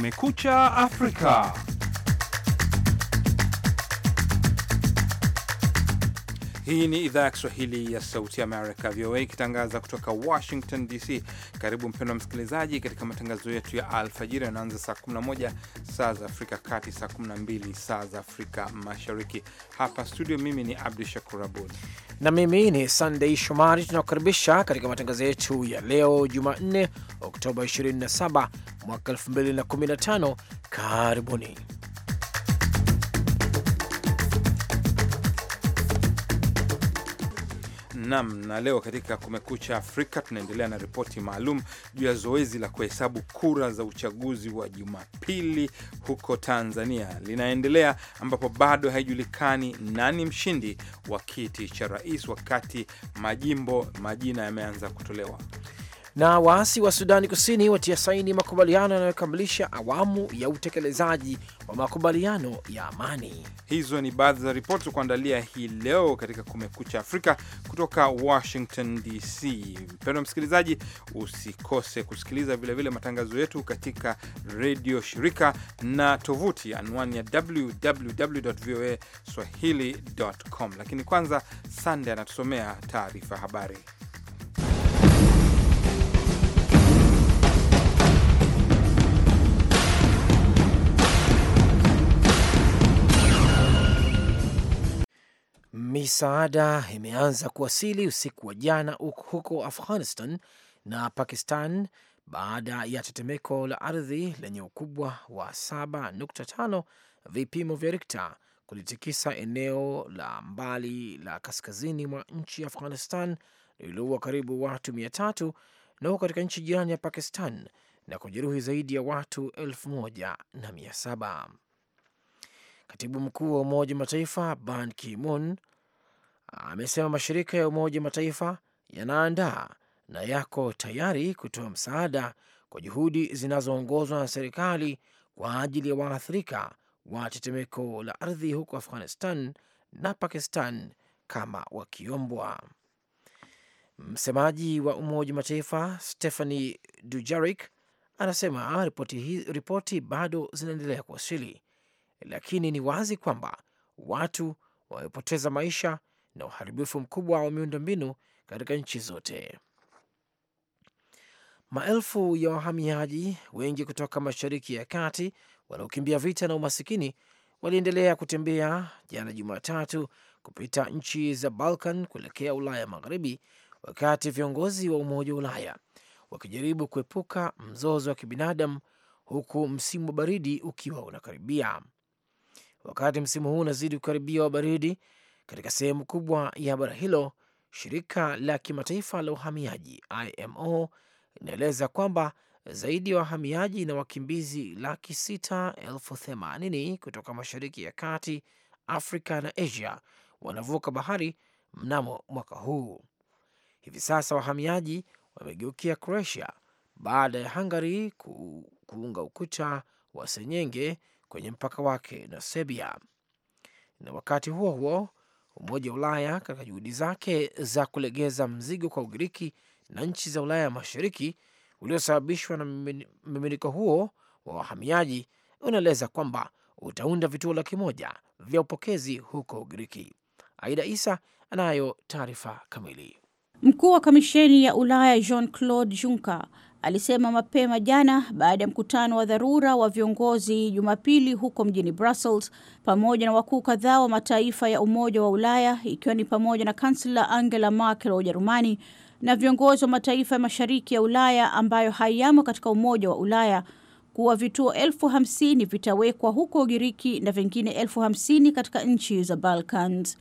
Kumekucha Afrika. Hii ni idhaa ya Kiswahili ya Sauti ya Amerika, VOA, ikitangaza kutoka Washington DC. Karibu mpendwa msikilizaji, katika matangazo yetu ya alfajiri yanaanza saa 11 saa za Afrika Kati, saa 12 saa za Afrika Mashariki. Hapa studio, mimi ni Abdu Shakur Abud na mimi ni Sandei Shomari. Tunakukaribisha katika matangazo yetu ya leo Jumanne, Oktoba 27 mwaka 2015. Karibuni. Nam na leo katika Kumekucha Afrika tunaendelea na ripoti maalum juu ya zoezi la kuhesabu kura za uchaguzi wa Jumapili huko Tanzania linaendelea, ambapo bado haijulikani nani mshindi wa kiti cha rais, wakati majimbo majina yameanza kutolewa. Na waasi wa Sudani Kusini watia saini makubaliano yanayokamilisha awamu ya utekelezaji wa makubaliano ya amani. Hizo ni baadhi za ripoti za kuandalia hii leo katika Kumekucha Afrika kutoka Washington DC. Mpendwa msikilizaji, usikose kusikiliza vilevile vile matangazo yetu katika redio shirika na tovuti anwani ya www voa swahili com. Lakini kwanza, Sande anatusomea taarifa habari. Misaada imeanza kuwasili usiku wa jana huko Afghanistan na Pakistan baada ya tetemeko la ardhi lenye ukubwa wa 7.5 vipimo vya Rikta kulitikisa eneo la mbali la kaskazini mwa nchi ya Afghanistan lililoua karibu watu mia tatu na huko katika nchi jirani ya Pakistan na kujeruhi zaidi ya watu elfu moja na mia saba. Katibu mkuu wa Umoja Mataifa Ban Ki-moon amesema mashirika ya Umoja Mataifa yanaandaa na yako tayari kutoa msaada kwa juhudi zinazoongozwa na serikali kwa ajili ya waathirika wa tetemeko la ardhi huko Afghanistan na Pakistan kama wakiombwa. Msemaji wa Umoja Mataifa Stephanie Dujarik anasema ripoti, ripoti bado zinaendelea kuwasili lakini ni wazi kwamba watu wamepoteza maisha na uharibifu mkubwa wa miundombinu katika nchi zote. Maelfu ya wahamiaji wengi kutoka Mashariki ya Kati wanaokimbia vita na umasikini waliendelea kutembea jana Jumatatu kupita nchi za Balkan kuelekea Ulaya Magharibi, wakati viongozi wa Umoja wa Ulaya wakijaribu kuepuka mzozo wa kibinadamu, huku msimu wa baridi ukiwa unakaribia. Wakati msimu huu unazidi kukaribia wa baridi katika sehemu kubwa ya bara hilo, shirika la kimataifa la uhamiaji IMO inaeleza kwamba zaidi ya wa wahamiaji na wakimbizi laki sita elfu themanini kutoka mashariki ya kati, Afrika na Asia wanavuka bahari mnamo mwaka huu. Hivi sasa wahamiaji wamegeukia Croatia baada ya Hungary kuunga ukuta wa senyenge kwenye mpaka wake na Serbia. Na wakati huo huo, Umoja wa Ulaya katika juhudi zake za kulegeza mzigo kwa Ugiriki na nchi za Ulaya ya Mashariki uliosababishwa na mmiminiko huo wa wahamiaji unaeleza kwamba utaunda vituo laki moja vya upokezi huko Ugiriki. Aida Isa anayo taarifa kamili. Mkuu wa Kamisheni ya Ulaya Jean Claude Juncker alisema mapema jana baada ya mkutano wa dharura wa viongozi Jumapili huko mjini Brussels pamoja na wakuu kadhaa wa mataifa ya Umoja wa Ulaya ikiwa ni pamoja na kansela Angela Merkel wa Ujerumani na viongozi wa mataifa ya Mashariki ya Ulaya ambayo hayamo katika Umoja wa Ulaya kuwa vituo elfu hamsini vitawekwa huko Ugiriki na vingine elfu hamsini katika nchi za Balkans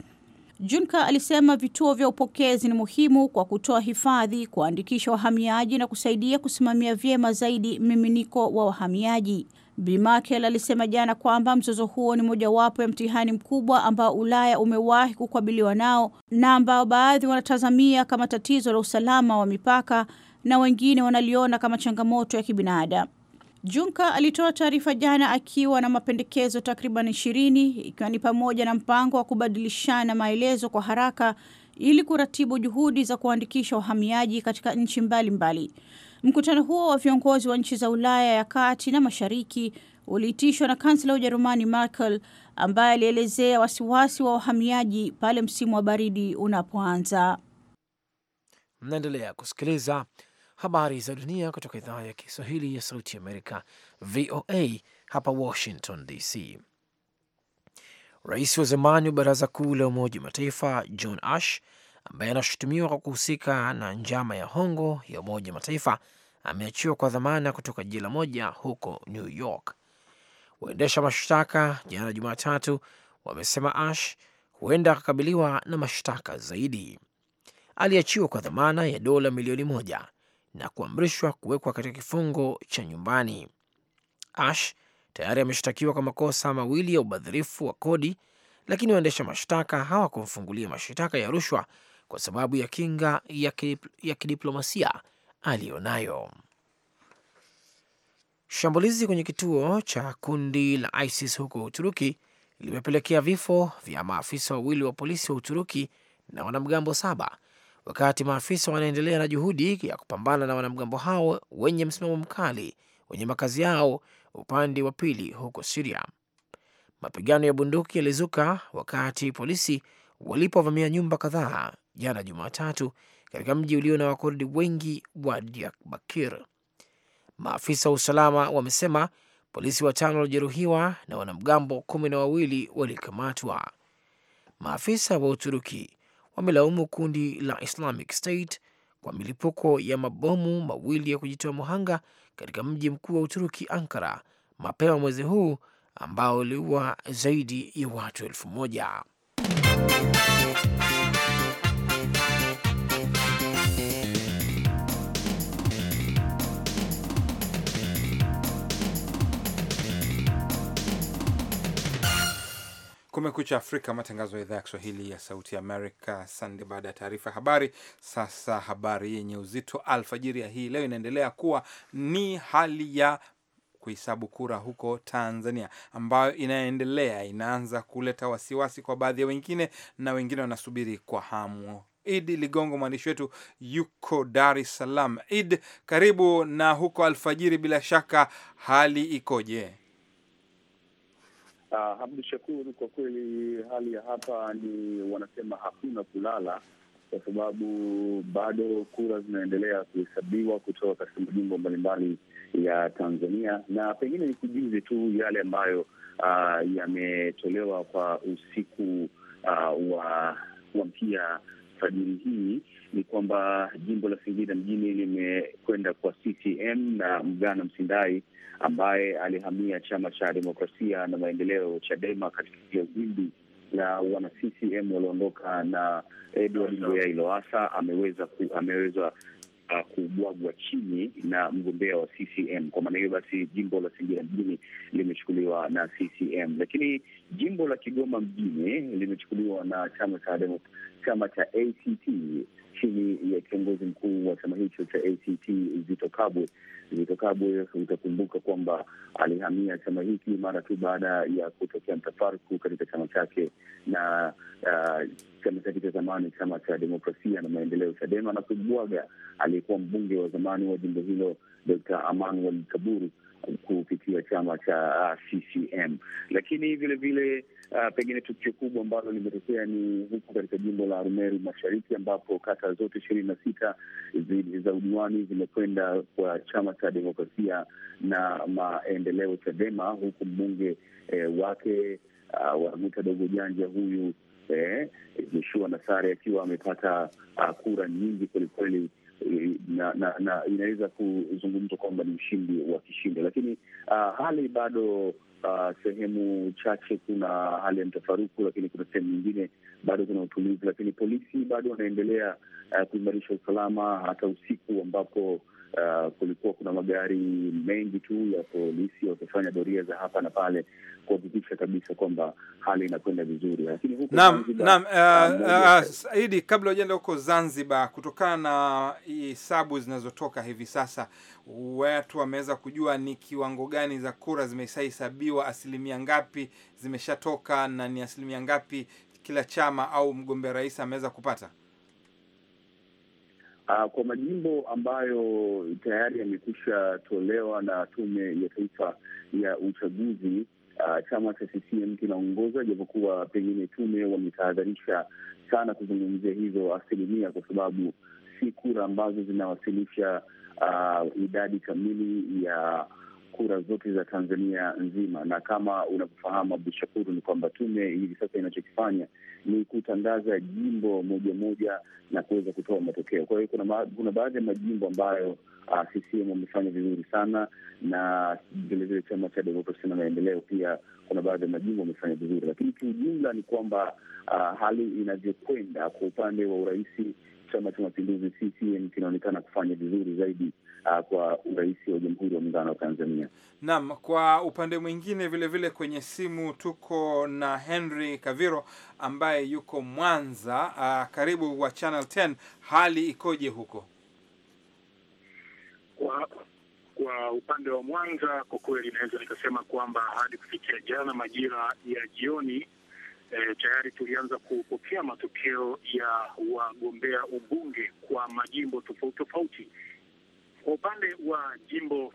junka alisema vituo vya upokezi ni muhimu kwa kutoa hifadhi, kuandikisha wahamiaji na kusaidia kusimamia vyema zaidi mmiminiko wa wahamiaji. bimakel alisema jana kwamba mzozo huo ni mojawapo ya mtihani mkubwa ambao Ulaya umewahi kukabiliwa nao na ambao baadhi wanatazamia kama tatizo la usalama wa mipaka na wengine wanaliona kama changamoto ya kibinadamu. Junka alitoa taarifa jana akiwa na mapendekezo takriban ishirini ikiwa ni pamoja na mpango wa kubadilishana maelezo kwa haraka ili kuratibu juhudi za kuandikisha wahamiaji katika nchi mbalimbali. Mkutano huo wa viongozi wa nchi za Ulaya ya kati na mashariki uliitishwa na kansela wa Ujerumani Merkel ambaye alielezea wasiwasi wa wahamiaji pale msimu wa baridi unapoanza. Mnaendelea kusikiliza Habari za dunia kutoka idhaa ya Kiswahili ya Sauti Amerika, VOA hapa Washington DC. Rais wa zamani wa Baraza Kuu la Umoja wa Mataifa John Ash, ambaye anashutumiwa kwa kuhusika na njama ya hongo ya Umoja wa Mataifa, ameachiwa kwa dhamana kutoka jela moja huko New York. Waendesha mashtaka jana Jumatatu wamesema Ash huenda akakabiliwa na mashtaka zaidi. Aliachiwa kwa dhamana ya dola milioni moja na kuamrishwa kuwekwa katika kifungo cha nyumbani. Ash tayari ameshtakiwa kwa makosa mawili ya ubadhirifu wa kodi, lakini waendesha mashtaka hawakumfungulia mashtaka ya rushwa kwa sababu ya kinga ya, kidip, ya kidiplomasia aliyonayo. Shambulizi kwenye kituo cha kundi la ISIS huko Uturuki limepelekea vifo vya maafisa wawili wa polisi wa Uturuki na wanamgambo saba wakati maafisa wanaendelea na juhudi ya kupambana na wanamgambo hao wenye msimamo mkali wenye makazi yao upande wa pili huko Siria. Mapigano ya bunduki yalizuka wakati polisi walipovamia nyumba kadhaa jana Jumatatu katika mji ulio na Wakurdi wengi wa Diyarbakir. Maafisa wa usalama wamesema polisi watano walijeruhiwa na wanamgambo kumi na wawili walikamatwa. Maafisa wa Uturuki wamelaumu kundi la Islamic State kwa milipuko ya mabomu mawili ya kujitoa muhanga katika mji mkuu wa Uturuki, Ankara, mapema mwezi huu ambao uliua zaidi ya watu elfu moja. Kumekucha Afrika, matangazo ya idhaa ya Kiswahili ya Sauti Amerika. Sande, baada ya taarifa ya habari. Sasa habari yenye uzito alfajiri ya hii leo inaendelea kuwa ni hali ya kuhesabu kura huko Tanzania ambayo inaendelea, inaanza kuleta wasiwasi kwa baadhi ya wengine, na wengine wanasubiri kwa hamu. Idi Ligongo, mwandishi wetu, yuko Dar es Salaam. Id, karibu. Na huko alfajiri, bila shaka hali ikoje? Uh, Abdu Shakur, kwa kweli hali ya hapa ni wanasema hakuna kulala, kwa sababu bado kura zinaendelea kuhesabiwa kutoka katika majimbo mbalimbali ya Tanzania, na pengine ni kujuze tu yale ambayo uh, yametolewa kwa usiku uh, wa kuamkia fajiri hii ni kwamba jimbo la Singida mjini limekwenda kwa CCM na Mgana Msindai ambaye alihamia chama cha demokrasia na maendeleo Chadema katika wimbi la wana CCM walioondoka na Edward Ngoyai Lowassa ameweza ku, ameweza Uh, kubwagwa chini na mgombea wa CCM. Kwa maana hiyo basi, jimbo la Singida mjini limechukuliwa na CCM, lakini jimbo la Kigoma mjini limechukuliwa na chama cha chama cha ACT chini ya kiongozi mkuu wa chama hicho cha ACT Zito Kabwe. Zito Kabwe, utakumbuka kwamba alihamia chama hiki mara tu baada ya kutokea mtafaruku katika chama chake na uh, chama chake cha zamani, chama cha demokrasia na maendeleo CHADEMA, na kubwaga aliyekuwa mbunge wa zamani wa jimbo hilo dr Emmanuel Kaburu kupitia chama cha uh, CCM, lakini vilevile vile, Uh, pengine tukio kubwa ambalo limetokea ni huku katika jimbo la Arumeru Mashariki, ambapo kata zote ishirini na sita za udiwani zimekwenda kwa chama cha demokrasia na maendeleo Chadema, huku mbunge eh, wake uh, wa Dogo Janja huyu eh, Joshua eh, akiwa amepata uh, kura nyingi kwelikweli eh, na, na inaweza kuzungumzwa kwamba ni mshindi wa kishindo, lakini uh, hali bado Uh, sehemu chache kuna hali ya mtafaruku, lakini kuna sehemu nyingine bado kuna utulivu, lakini polisi bado wanaendelea uh, kuimarisha usalama hata usiku ambapo Uh, kulikuwa kuna magari mengi tu ya polisi wakifanya doria za hapa na pale kuhakikisha kabisa kwamba hali inakwenda vizuri. Lakini huko naam, naam, uh, uh, Saidi, kabla ujaenda huko Zanzibar, kutokana na hesabu zinazotoka hivi sasa, watu wameweza kujua ni kiwango gani za kura zimeshahesabiwa, asilimia ngapi zimeshatoka na ni asilimia ngapi kila chama au mgombea rais ameweza kupata Uh, kwa majimbo ambayo tayari yamekwisha tolewa na Tume ya Taifa ya Uchaguzi, uh, chama cha CCM kinaongoza, japokuwa pengine tume wametahadharisha sana kuzungumzia hizo asilimia, kwa sababu si kura ambazo zinawasilisha uh, idadi kamili ya kura zote za Tanzania nzima, na kama unavyofahamu Abdu Shakuru, ni kwamba tume hivi sasa inachokifanya ni kutangaza jimbo moja moja na kuweza kutoa matokeo. Kwa hiyo kuna, kuna baadhi ya majimbo ambayo uh, ah, CCM wamefanya vizuri sana na vilevile chama cha demokrasia na maendeleo pia kuna baadhi ya majimbo wamefanya vizuri, lakini kiujumla ni kwamba uh, hali inavyokwenda kwa upande wa urais, chama cha mapinduzi CCM kinaonekana kufanya vizuri zaidi uh, kwa urais wa Jamhuri ya Muungano wa Tanzania. Naam, kwa upande mwingine vilevile vile kwenye simu tuko na Henry Kaviro ambaye yuko Mwanza. Uh, karibu wa Channel 10, hali ikoje huko? Kwa, kwa upande wa Mwanza kwa kweli naweza nikasema kwamba hadi kufikia jana majira ya jioni E, tayari tulianza kupokea matokeo ya wagombea ubunge kwa majimbo tofauti tofauti kwa upande wa jimbo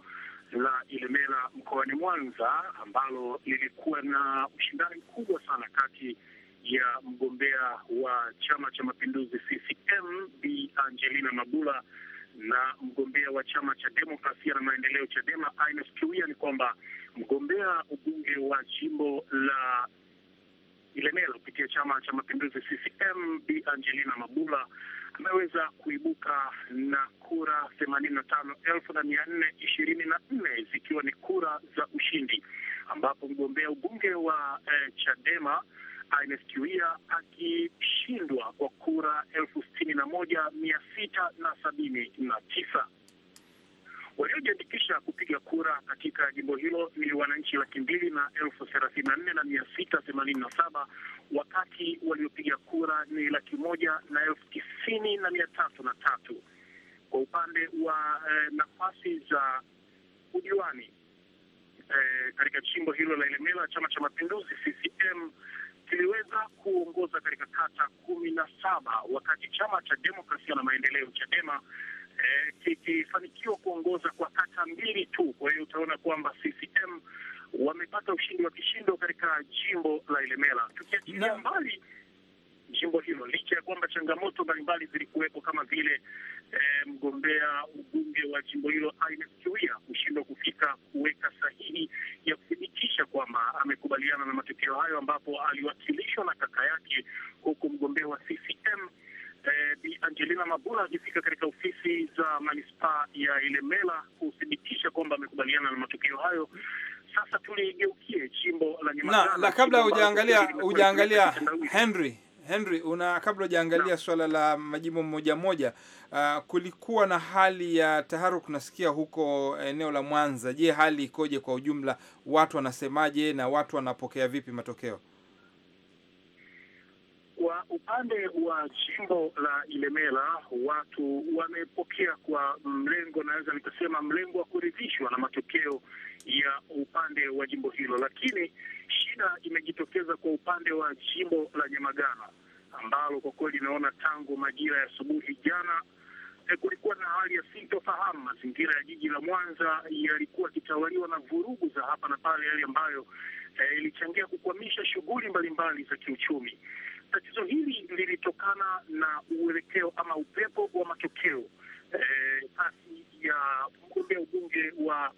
la Ilemela mkoani Mwanza ambalo lilikuwa na ushindani mkubwa sana kati ya mgombea wa Chama cha Mapinduzi CCM Bi Angelina Mabula na mgombea wa Chama cha Demokrasia na Maendeleo Chadema Ines Kiwia, ni kwamba mgombea ubunge wa jimbo la Ilemela kupitia Chama cha Mapinduzi CCM Bi Angelina Mabula ameweza kuibuka na kura themanini na tano elfu na mia nne ishirini na nne zikiwa ni kura za ushindi, ambapo mgombea ubunge wa eh, Chadema Ernest akishindwa kwa kura elfu sitini na moja mia sita na sabini na tisa. Waliojiandikisha kupiga kura katika jimbo hilo ni wananchi laki mbili na elfu thelathini na nne na mia sita themanini na saba wakati waliopiga kura ni laki moja na elfu tisini na mia tatu na tatu. Kwa upande wa eh, nafasi za ujiwani eh, katika jimbo hilo la Ilemela, Chama cha Mapinduzi CCM kiliweza kuongoza katika kata kumi na saba wakati chama cha demokrasia na maendeleo Chadema eh, kikifanikiwa kuongoza kwa kata mbili tu. Kwa hiyo utaona kwamba CCM wamepata ushindi wa kishindo katika jimbo la Ilemela, tukiachilia mbali jimbo hilo, licha ya kwamba changamoto mbalimbali zilikuwepo kama vile e, mgombea ubunge wa jimbo hilo Ines Kiwia kushindwa kufika kuweka sahihi ya kuthibitisha kwamba amekubaliana na matokeo hayo, ambapo aliwakilishwa na kaka yake, huku mgombea wa CCM eh, Angelina Mabula akifika katika ofisi za manispaa ya Ilemela kuthibitisha kwamba amekubaliana na matokeo hayo. Sasa tuligeukie jimbo la Nyamagana, na kabla hujaangalia hujaangalia Henry Henry una kabla hujaangalia swala la majimbo moja moja, uh, kulikuwa na hali ya taharuki nasikia huko eneo la Mwanza. Je, hali ikoje kwa ujumla, watu wanasemaje na watu wanapokea vipi matokeo? upande wa jimbo la Ilemela watu wamepokea kwa mlengo, naweza nikasema mlengo wa kuridhishwa na matokeo ya upande wa jimbo hilo, lakini shida imejitokeza kwa upande wa jimbo la Nyamagana ambalo kwa kweli imeona tangu majira ya asubuhi jana e, kulikuwa na hali ya sintofahamu. Mazingira ya jiji la Mwanza yalikuwa akitawaliwa na vurugu za hapa na pale, hali ambayo eh, ilichangia e, kukwamisha shughuli mbalimbali za kiuchumi. Tatizo hili lilitokana na uelekeo ama upepo wa matokeo kasi eh, e, ya mgombea ubunge wa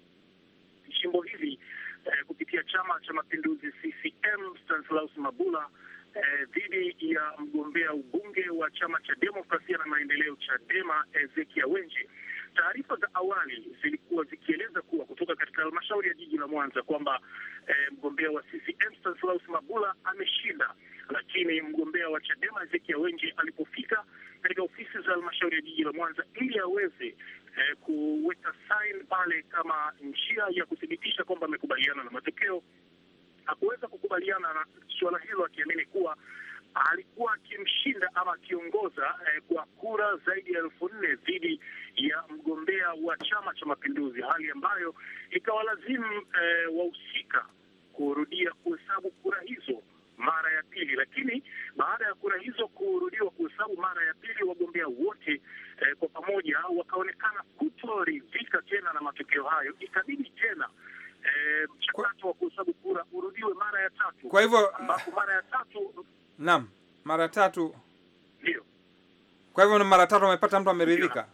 jimbo hili e, kupitia Chama cha Mapinduzi CCM Stanislaus Mabula dhidi eh, dhidi ya mgombea ubunge wa Chama cha Demokrasia na Maendeleo Chadema Ezekia Wenje. Taarifa za awali zilikuwa zikieleza kuwa kutoka katika halmashauri ya jiji la Mwanza kwamba e, mgombea wa CCM Stanislaus Mabula ameshinda lakini mgombea wa Chadema Ezekiel Wenje alipofika katika ofisi za halmashauri ya jiji la Mwanza ili aweze eh, kuweka sin pale kama njia ya kuthibitisha kwamba amekubaliana na matokeo, hakuweza kukubaliana na suala hilo, akiamini kuwa alikuwa akimshinda ama akiongoza eh, kwa kura zaidi ya elfu nne dhidi ya mgombea wa Chama cha Mapinduzi, hali ambayo ikawalazimu eh, wahusika kurudia kuhesabu kura hizo kura hizo kurudiwa kuhesabu mara ya pili, wagombea wote eh, kwa pamoja wakaonekana kutoridhika tena na matokeo hayo, ikabidi tena eh, mchakato wa kuhesabu kura urudiwe mara ya tatu. Kwa hivyo ambapo mara ya tatu, naam, mara tatu ndio. Kwa hivyo mara tatu wamepata mtu ameridhika,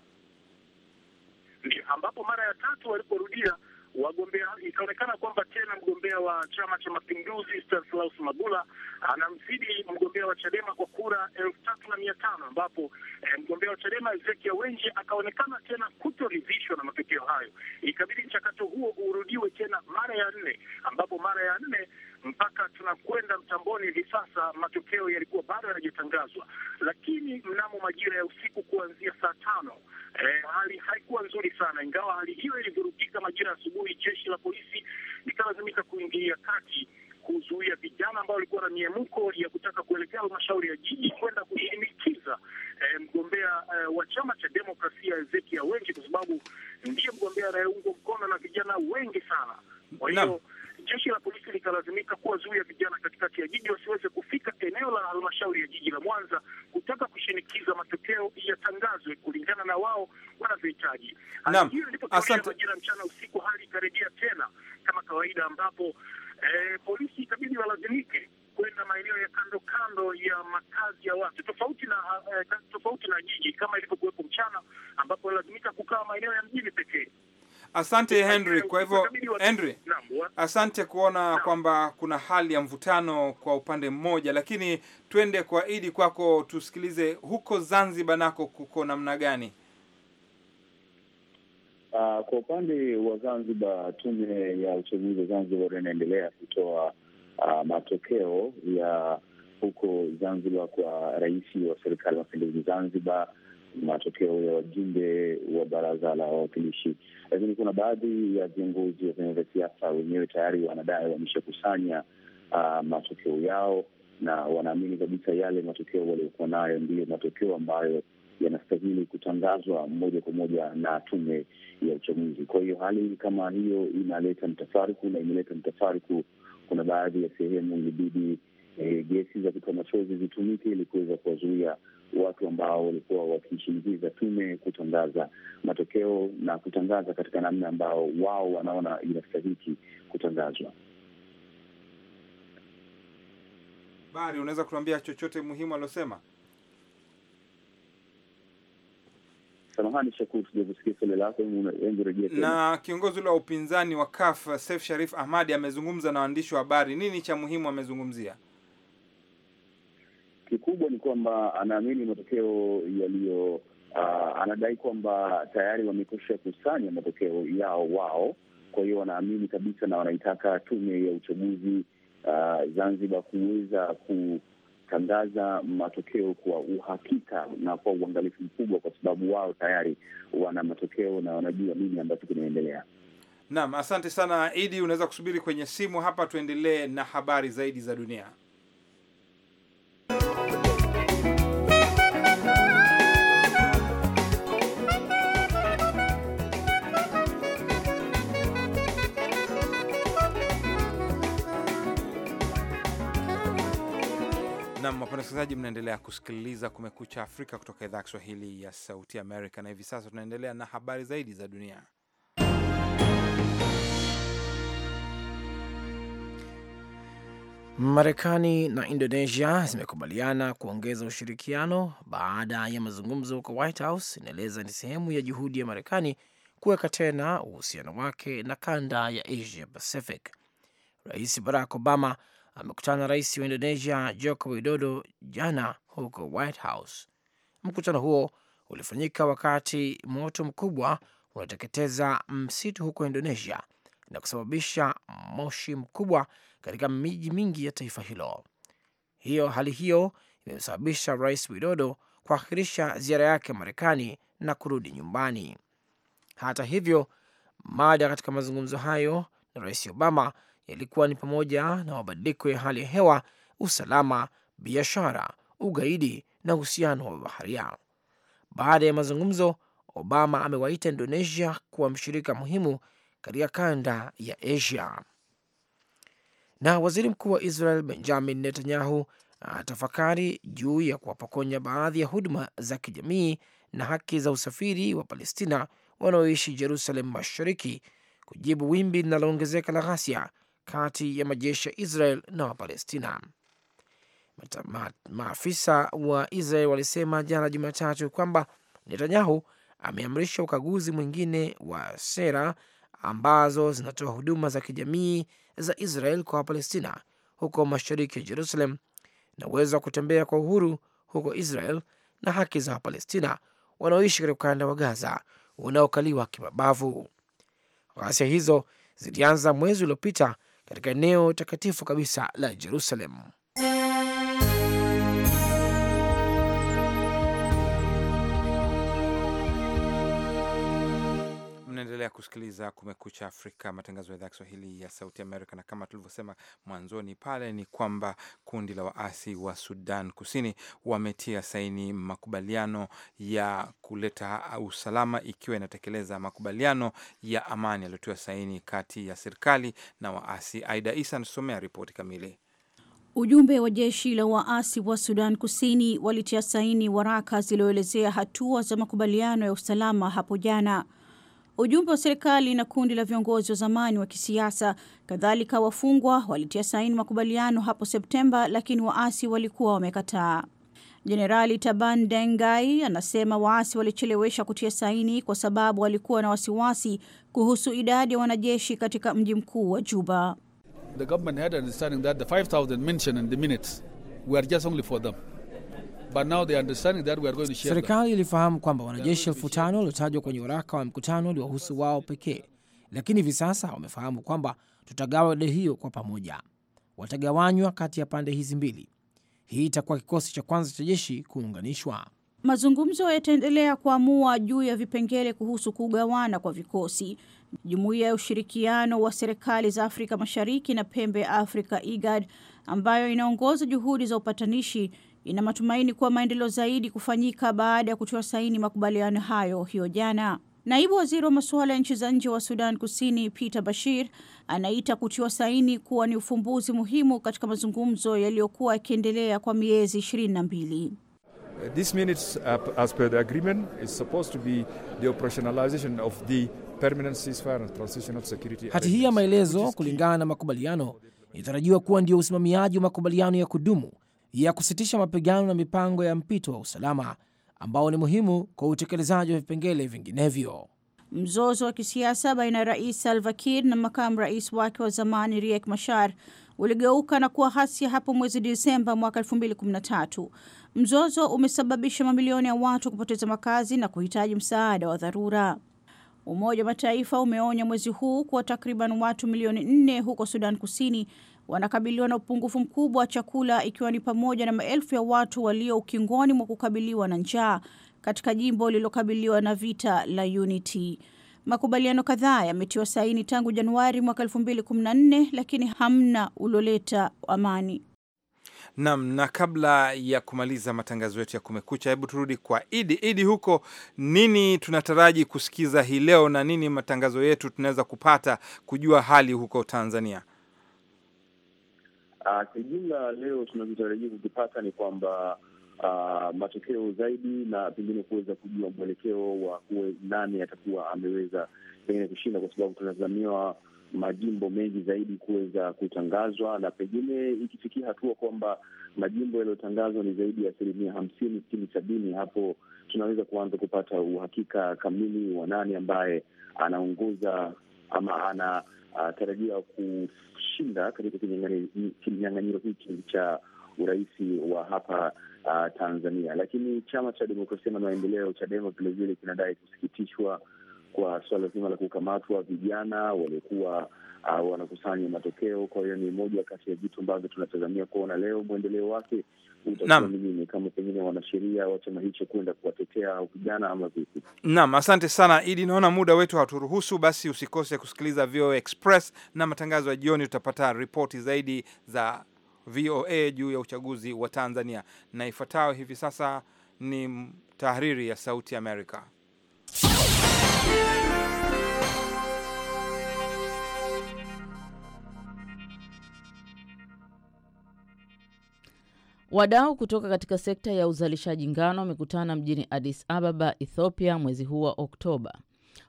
ndio ambapo mara ya tatu waliporudia wagombea, ikaonekana kwamba tena mgombea wa chama cha Mageuzi Stanislaus Mabula anamzidi mgombea wa Chadema kwa kura elfu tatu na mia tano ambapo eh, mgombea wa Chadema Ezekiel Wenji akaonekana tena kutoridhishwa na matokeo hayo. Ikabidi mchakato huo urudiwe tena mara ya nne, ambapo mara ya nne mpaka tunakwenda mtamboni hivi sasa matokeo yalikuwa bado yanajitangazwa, lakini mnamo majira ya usiku kuanzia saa tano eh, hali haikuwa nzuri sana, ingawa hali hiyo ilivurugika majira ya asubuhi, jeshi la polisi ambao walikuwa na miamko ya kutaka kuelekea halmashauri ya jiji kwenda kushinikiza eh, mgombea eh, wa chama cha demokrasia Ezekiel Wengi, kwa sababu ndiye mgombea anayeungwa mkono na vijana wengi sana. Kwa hiyo jeshi la polisi likalazimika kuwa ya vijana katikati ya jiji wasiweze kufika eneo la halmashauri ya jiji la Mwanza kutaka kushinikiza matokeo yatangazwe kulingana na wao wanavyohitaji. Naam, asante. Asante Henry. Kwa hivyo Henry, asante kuona kwamba kuna hali ya mvutano kwa upande mmoja, lakini twende kwa Idi kwako, tusikilize huko Zanzibar nako kuko namna gani? Uh, kwa upande wa Zanzibar, tume ya uchaguzi wa Zanzibar inaendelea kutoa uh, matokeo ya huko Zanzibar kwa rais wa serikali ya mapinduzi Zanzibar matokeo ya wajumbe wa baraza la wawakilishi, lakini kuna baadhi ya viongozi wa vyama vya siasa wenyewe tayari wanadai wameshakusanya uh, matokeo yao na wanaamini kabisa yale matokeo waliokuwa nayo ndiyo matokeo ambayo yanastahili kutangazwa moja kwa moja na tume ya uchaguzi. Kwa hiyo hali kama hiyo inaleta mtafaruku na imeleta mtafaruku. Kuna baadhi ya sehemu ilibidi e, gesi za kutoa machozi zitumike ili kuweza kuwazuia watu ambao walikuwa wakishinikiza tume kutangaza matokeo na kutangaza katika namna ambao wao wanaona inastahiki kutangazwa. Bari, unaweza kutuambia chochote muhimu aliosema? Samahani Shakuru, sijakusikia swali lako, rejea Na kiongozi ule wa upinzani wa CUF Seif Sharif Ahmadi amezungumza na waandishi wa habari, nini cha muhimu amezungumzia? kikubwa ni kwamba anaamini matokeo yaliyo uh, anadai kwamba tayari wamekosha kusanya matokeo yao wao. Kwa hiyo wanaamini kabisa na wanaitaka tume ya uchaguzi uh, Zanzibar kuweza kutangaza matokeo kwa uhakika na kwa uangalifu mkubwa, kwa sababu wao tayari wana matokeo na wanajua nini ambacho kinaendelea. Naam, asante sana Idi. Unaweza kusubiri kwenye simu hapa, tuendelee na habari zaidi za dunia. Nam wapenda wasikilizaji, mnaendelea kusikiliza Kumekucha Afrika kutoka idhaa ya Kiswahili ya Sauti Amerika, na hivi sasa tunaendelea na habari zaidi za dunia. Marekani na Indonesia zimekubaliana kuongeza ushirikiano baada ya mazungumzo huko White House, inaeleza ni sehemu ya juhudi ya Marekani kuweka tena uhusiano wake na kanda ya Asia Pacific. Rais Barack Obama amekutana na rais wa Indonesia Joko Widodo jana huko White House. Mkutano huo ulifanyika wakati moto mkubwa unateketeza msitu huko Indonesia na kusababisha moshi mkubwa katika miji mingi ya taifa hilo. Hiyo hali hiyo imemsababisha rais Widodo kuakhirisha ziara yake Marekani na kurudi nyumbani. Hata hivyo, mada katika mazungumzo hayo na rais Obama yalikuwa ni pamoja na mabadiliko ya hali ya hewa, usalama, biashara, ugaidi na uhusiano wa baharia. Baada ya mazungumzo, Obama amewaita Indonesia kuwa mshirika muhimu katika kanda ya Asia. Na waziri mkuu wa Israel Benjamin Netanyahu atafakari juu ya kuwapokonya baadhi ya huduma za kijamii na haki za usafiri wa Palestina wanaoishi Jerusalem Mashariki, kujibu wimbi linaloongezeka la ghasia kati ya majeshi ya Israel na Wapalestina. Maafisa wa Israel walisema jana Jumatatu kwamba Netanyahu ameamrisha ukaguzi mwingine wa sera ambazo zinatoa huduma za kijamii za Israel kwa Wapalestina huko mashariki ya Jerusalem na uwezo wa kutembea kwa uhuru huko Israel na haki za Wapalestina wanaoishi katika ukanda wa Gaza unaokaliwa kimabavu. Ghasia hizo zilianza mwezi uliopita katika eneo takatifu kabisa la Jerusalem. Unaendelea kusikiliza Kumekucha Afrika, matangazo ya idhaa ya Kiswahili ya Sauti Amerika. Na kama tulivyosema mwanzoni pale ni kwamba kundi la waasi wa Sudan Kusini wametia saini makubaliano ya kuleta usalama, ikiwa inatekeleza makubaliano ya amani yaliyotiwa saini kati ya serikali na waasi. Aida Isa anasomea ripoti kamili. Ujumbe wa jeshi la waasi wa Sudan Kusini walitia saini waraka zilioelezea hatua za makubaliano ya usalama hapo jana. Ujumbe wa serikali na kundi la viongozi wa zamani wa kisiasa kadhalika wafungwa walitia saini makubaliano hapo Septemba, lakini waasi walikuwa wamekataa. Jenerali Taban Dengai anasema waasi walichelewesha kutia saini kwa sababu walikuwa na wasiwasi kuhusu idadi ya wanajeshi katika mji mkuu wa Juba. The government had understanding that the 5000 mentioned in the minutes were just only for them. Serikali ilifahamu kwamba wanajeshi elfu tano waliotajwa kwenye waraka wa mkutano uliwahusu wao pekee, lakini hivi sasa wamefahamu kwamba tutagawa idadi hiyo kwa pamoja, watagawanywa kati ya pande hizi mbili. Hii itakuwa kikosi cha kwanza cha jeshi kuunganishwa. Mazungumzo yataendelea kuamua juu ya vipengele kuhusu kugawana kwa vikosi. Jumuiya ya ushirikiano wa serikali za Afrika Mashariki na pembe ya Afrika IGAD, ambayo inaongoza juhudi za upatanishi ina matumaini kuwa maendeleo zaidi kufanyika baada ya kutoa saini makubaliano hayo hiyo jana. Naibu waziri wa masuala ya nchi za nje wa Sudan Kusini Peter Bashir anaita kutiwa saini kuwa ni ufumbuzi muhimu katika mazungumzo yaliyokuwa yakiendelea kwa miezi ishirini na mbili. Hati hii ya maelezo kulingana na makubaliano inatarajiwa kuwa ndio usimamiaji wa makubaliano ya kudumu ya kusitisha mapigano na mipango ya mpito wa usalama ambao ni muhimu kwa utekelezaji wa vipengele vinginevyo. Mzozo wa kisiasa baina ya Rais Salva Kiir na makamu rais wake wa zamani Riek Machar uligeuka na kuwa hasia hapo mwezi Disemba mwaka 2013. Mzozo umesababisha mamilioni ya watu kupoteza makazi na kuhitaji msaada wa dharura. Umoja wa Mataifa umeonya mwezi huu kuwa takriban watu milioni nne huko Sudan Kusini wanakabiliwa na upungufu mkubwa wa chakula ikiwa ni pamoja na maelfu ya watu walio ukingoni mwa kukabiliwa na njaa katika jimbo lililokabiliwa na vita la Unity. Makubaliano kadhaa yametiwa saini tangu Januari mwaka 2014 lakini hamna ulioleta amani. Nam, na kabla ya kumaliza matangazo yetu ya Kumekucha, hebu turudi kwa Idi. Idi, huko nini tunataraji kusikiza hii leo na nini matangazo yetu tunaweza kupata kujua hali huko Tanzania? Ah, Kijumla leo tunavyotarajia kukipata ni kwamba Uh, matokeo zaidi na pengine kuweza kujua mwelekeo wa kuwe nani atakuwa ameweza pengine kushinda, kwa sababu tunatazamiwa majimbo mengi zaidi kuweza kutangazwa, na pengine ikifikia hatua kwamba majimbo yaliyotangazwa ni zaidi ya asilimia hamsini sitini sabini, hapo tunaweza kuanza kupata uhakika kamili wa nani ambaye anaongoza ama anatarajia uh, ku kushinda katika kinyang'anyiro hiki cha urais wa hapa uh, Tanzania. Lakini chama cha demokrasia na maendeleo CHADEMA vilevile kinadai kusikitishwa kwa suala zima la kukamatwa vijana waliokuwa uh, wanakusanya matokeo. Kwa hiyo ni moja kati ya vitu ambavyo tunatazamia kuona leo mwendeleo wake utakuwa ni nini, kama pengine wanasheria wa chama hicho kwenda kuwatetea au vijana ama vipi? Naam, asante sana Idi, naona muda wetu haturuhusu Basi usikose kusikiliza VOA Express na matangazo ya jioni, tutapata ripoti zaidi za VOA juu ya uchaguzi wa Tanzania. Na ifuatayo hivi sasa ni tahariri ya Sauti Amerika. Wadau kutoka katika sekta ya uzalishaji ngano wamekutana mjini Addis Ababa, Ethiopia mwezi huu wa Oktoba.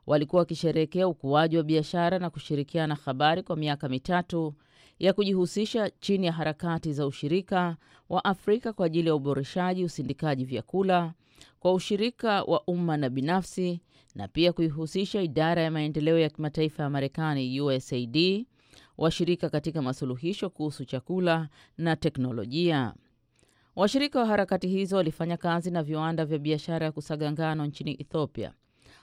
Walikuwa wakisherehekea ukuaji wa biashara na kushirikiana habari kwa miaka mitatu ya kujihusisha chini ya harakati za ushirika wa Afrika kwa ajili ya uboreshaji usindikaji vyakula kwa ushirika wa umma na binafsi na pia kuihusisha idara ya maendeleo ya kimataifa ya Marekani USAID washirika katika masuluhisho kuhusu chakula na teknolojia. Washirika wa harakati hizo walifanya kazi na viwanda vya biashara ya kusaga ngano nchini Ethiopia,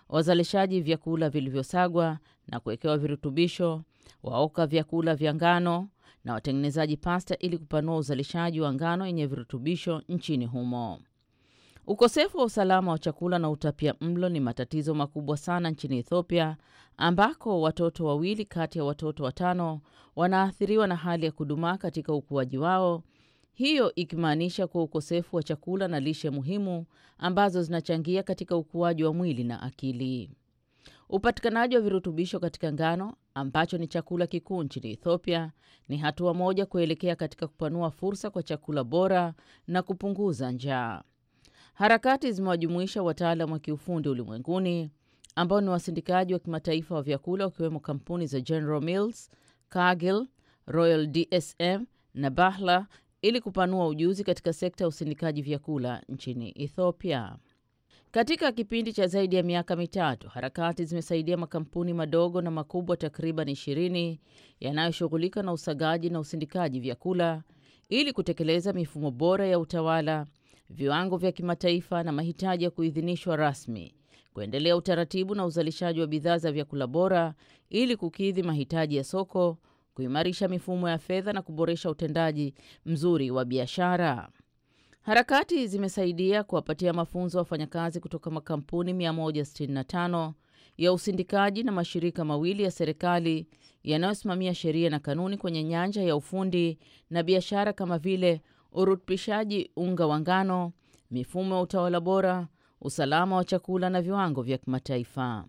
wazalishaji vyakula vilivyosagwa na kuwekewa virutubisho, waoka vyakula vya ngano na watengenezaji pasta ili kupanua uzalishaji wa ngano yenye virutubisho nchini humo. Ukosefu wa usalama wa chakula na utapia mlo ni matatizo makubwa sana nchini Ethiopia ambako watoto wawili kati ya watoto watano wanaathiriwa na hali ya kudumaa katika ukuaji wao hiyo ikimaanisha kuwa ukosefu wa chakula na lishe muhimu ambazo zinachangia katika ukuaji wa mwili na akili. Upatikanaji wa virutubisho katika ngano ambacho ni chakula kikuu nchini Ethiopia ni hatua moja kuelekea katika kupanua fursa kwa chakula bora na kupunguza njaa. Harakati zimewajumuisha wataalam wa kiufundi ulimwenguni ambao ni wasindikaji wa kimataifa wa vyakula wakiwemo kampuni za General Mills, Cargill, Royal DSM na Bahla ili kupanua ujuzi katika sekta ya usindikaji vyakula nchini Ethiopia. Katika kipindi cha zaidi ya miaka mitatu, harakati zimesaidia makampuni madogo na makubwa takriban ishirini yanayoshughulika na usagaji na usindikaji vyakula ili kutekeleza mifumo bora ya utawala, viwango vya kimataifa na mahitaji ya kuidhinishwa rasmi, kuendelea utaratibu na uzalishaji wa bidhaa za vyakula bora ili kukidhi mahitaji ya soko kuimarisha mifumo ya fedha na kuboresha utendaji mzuri wa biashara. Harakati zimesaidia kuwapatia mafunzo wafanyakazi kutoka makampuni 165 ya usindikaji na mashirika mawili ya serikali yanayosimamia sheria na kanuni kwenye nyanja ya ufundi na biashara kama vile urutubishaji unga wa ngano, mifumo ya utawala bora, usalama wa chakula na viwango vya kimataifa.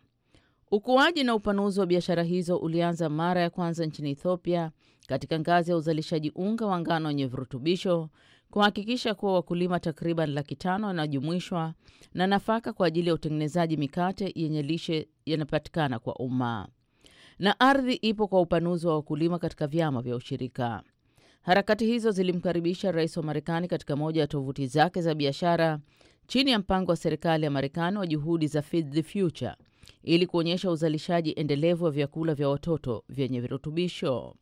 Ukuaji na upanuzi wa biashara hizo ulianza mara ya kwanza nchini Ethiopia katika ngazi ya uzalishaji unga wa ngano wenye virutubisho kuhakikisha kuwa wakulima takriban laki tano wanajumuishwa na nafaka kwa ajili ya utengenezaji mikate yenye lishe yanapatikana kwa umma, na ardhi ipo kwa upanuzi wa wakulima katika vyama vya ushirika. Harakati hizo zilimkaribisha rais wa Marekani katika moja ya tovuti zake za biashara chini ya mpango wa serikali ya Marekani wa juhudi za Feed the Future ili kuonyesha uzalishaji endelevu wa vyakula vya watoto vyenye virutubisho.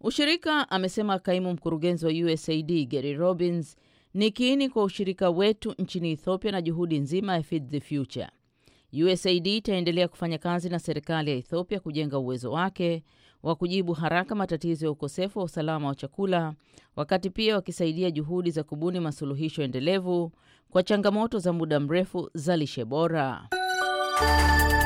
Ushirika amesema kaimu mkurugenzi wa USAID Gary Robbins, ni kiini kwa ushirika wetu nchini Ethiopia na juhudi nzima ya Feed the Future. USAID itaendelea kufanya kazi na serikali ya Ethiopia kujenga uwezo wake wa kujibu haraka matatizo ya ukosefu wa usalama wa chakula, wakati pia wakisaidia juhudi za kubuni masuluhisho endelevu kwa changamoto za muda mrefu za lishe bora. Música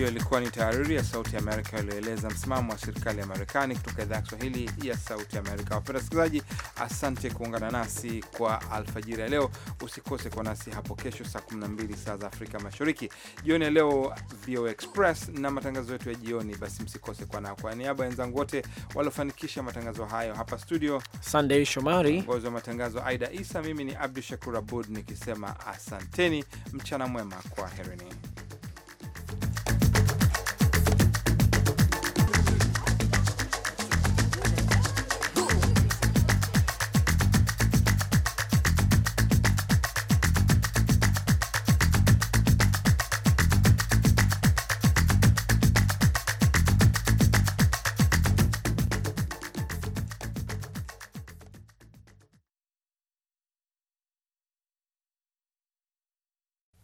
Hiyo ilikuwa ni tahariri ya Sauti Amerika iliyoeleza msimamo wa serikali ya Marekani kutoka idhaa ya Kiswahili ya Sauti Amerika. Wapenda wasikilizaji, asante kuungana nasi kwa alfajiri ya leo. Usikose kwa nasi hapo kesho saa 12 saa za Afrika Mashariki. Jioni ya leo VOA Express na matangazo yetu ya jioni, basi msikose kwa nao. Kwa niaba ya wenzangu wote waliofanikisha matangazo hayo hapa studio, Sunday Shomari ongozi wa matangazo, Aida Isa, mimi ni Abdu Shakur Abud nikisema asanteni, mchana mwema, kwa herini